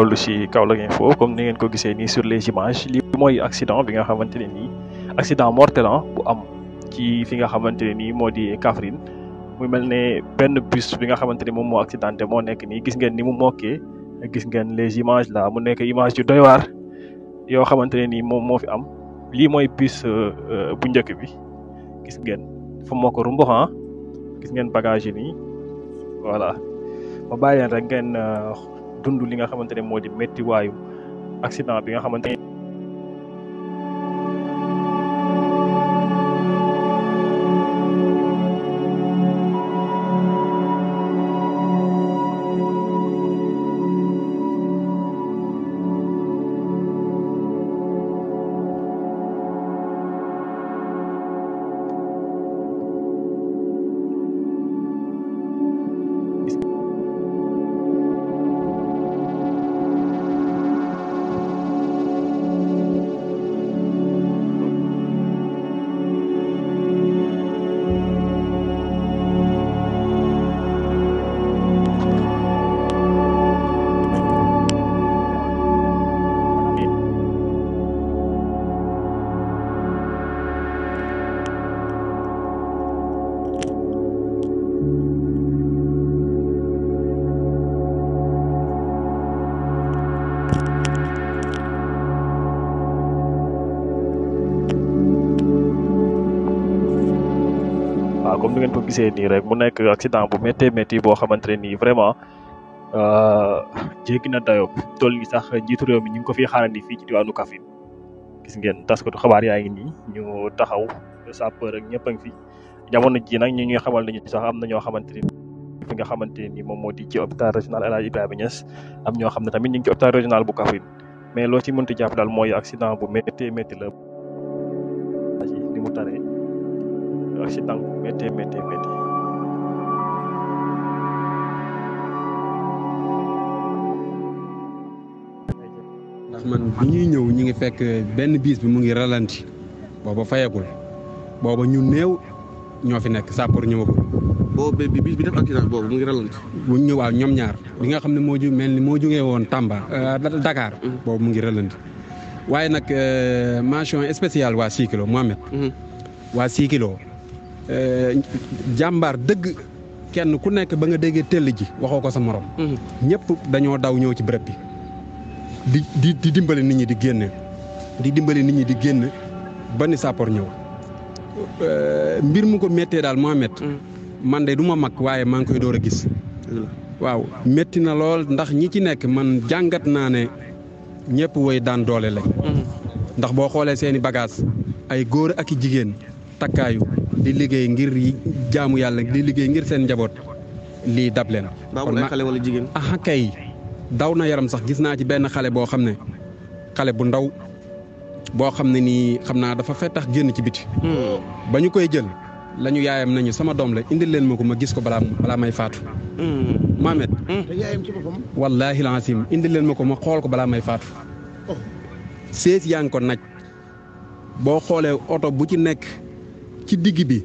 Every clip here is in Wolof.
loolu ci Kaolack Info comme ni ngeen ko gisee nii sur les images li mooy accident bi nga xamante ne nii accident mortel ah, bu am ci fi nga xamante ne nii moo di Kaffrine mu mel ne benn bus bi nga xamante ni moom moo accidenté moo nekk nii gis ngeen ni mu mokkee gis ngeen les images la mu nekk image yu doy waar yoo xamante ne nii moom moo fi am lii mooy bus euh, euh, bu njëkk bi gis ngeen fa moo ko ah, gis ngeen bagage yi nii voilà ma bàyyi ngeen euh, dund li nga xamante ne moo di méttiwaayu accident bi nga xamante ne comme ni ngeen ko gisee nii rek mu nekk accident bu méttee métti boo xamante nii vraiment euh, jéggi na dayoo tool yi sax njiitu réew mi ñu ngi ko fiy xaarandi fii ci diwaanu Kaffrine gis ngeen taskatu xabaar yaa ngi nii ñu taxaw sapeur ak ñëpp a ngi fi jamono ji nag ñu ñuy xamal nañu sax am na ñoo xamante ni fi nga xamante ni moom moo di ci hôpital régional El Hadj Ibrahima Niass am ñoo xam ne tamit ñu ngi ci hôpital régional bu Kaffrine mais loo ci mënti jàpp daal mooy accident bu méttee métti la ni mu taree accident bu méttee méttee méttee ndax man bi ñuy ñëw ñu ngi fekk benn biis bi mu ngi ralenti booba fayagul booba ñu néew ñoo fi nekk sàppar ñëwagul boobu bi bis bi def accident boobu mu ngi ralenti bu ñu waaw ñoom ñaar bi nga xam ne moo ju mel ni moo jógee woon Tamba euh, Dakar mm-hmm. boobu mu ngi ralenti waaye nag euh, mention spéciale waa Sikilo Mohamed mm-hmm. waa Sikilo Euh, jàmbaar dëgg kenn ku nekk ba nga déggee tell ji waxoo ko sa moroom mhm. ñëpp dañoo daw ñëw ci bërëb bi. di di di dimbali nit ñi di génn di dimbali nit ñi di génn ba ni sàppor ñëw euh, mbir mu ko mettee daal met mhm. man de du ma mag waaye maa ngi koy door a gis. waaw metti na lool ndax ñi ci nekk man jàngat naa ne ñëpp woy daan doole lañ. Mhm. ndax boo xoolee seeni bagage ay góor ak jigéen takkaayu. di liggéey ngir jaamu yàlla li liggéey ngir seen njaboot lii dab leen. daawul ay xale jigéen ah daw na yaram sax gis naa ci benn xale boo xam ne xale bu ndaw boo xam ne nii xam naa dafa fettax génn ci biti. Hmm. ba koy jël la yaayam nañu sama doom la indil leen ma ko ma gis ko balaa may faatu. Hmm. Mohamed. Hmm. wallaahi laasim indil leen ma ko ma xool ko balaa may faatu. Oh. sees yaa ngi ko naj boo xoolee oto bu ci nekk. ci digg bi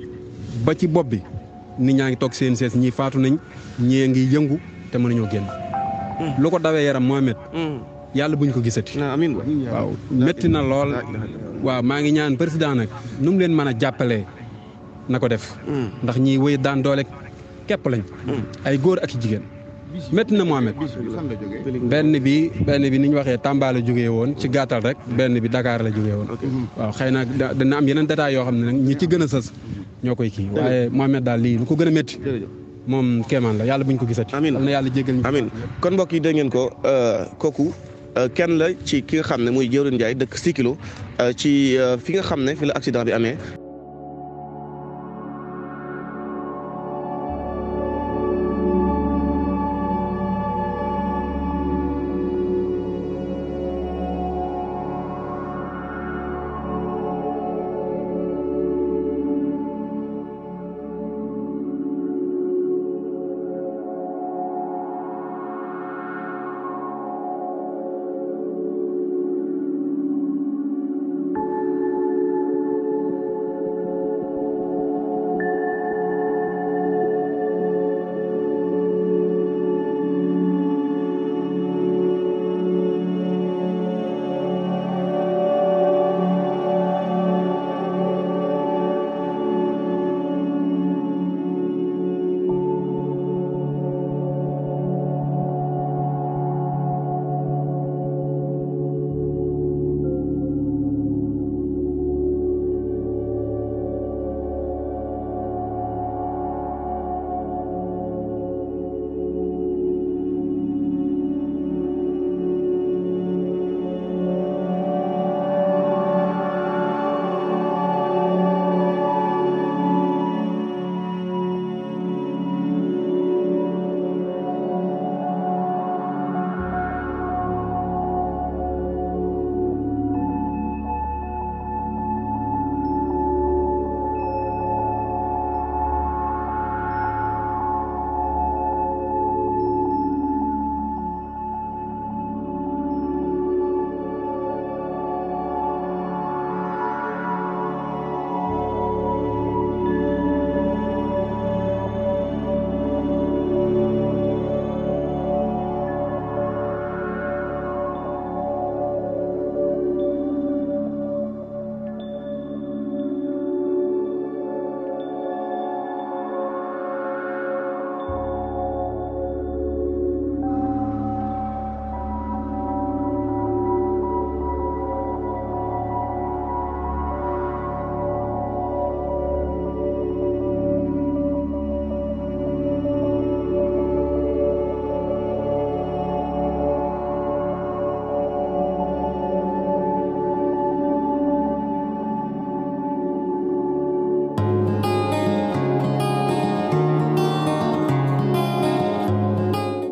ba ci bopp bi nit ñaa ngi toog seen sees ñii faatu nañ ñee ngi yëngu te mënuñoo génn. Mm. lu ko dawee yaram Mohamed. Mm. yàlla buñ ko gisati. Ah, amiin waaw métti na lool. waaw maa ngi ñaan président nag nu leen mën a jàppalee na ko def. Mm. ndax ñi wëy daan doole képp lañ. ay góor ak jigéen. métti na Mohamed benn bi benn bi ni ñu waxee Tamba la jógee woon ci gàttal rek benn bi dakaar la jóge woon waaw xëy na dana am yeneen détails yoo xam ne nag ñi ci gën a sës ñoo koy kii waaye Mohamed daal lii lu ko gën a métti moom kéemaan la yàlla buñ ko gisati amiin na yàlla jégal ñu kon mbokk yi dégg ngeen ko euh, kooku euh, kenn la ci ki nga xam ne muy jëwrin Njaay dëkk Sikilo euh, ci fi nga xam ne fi la accident bi amee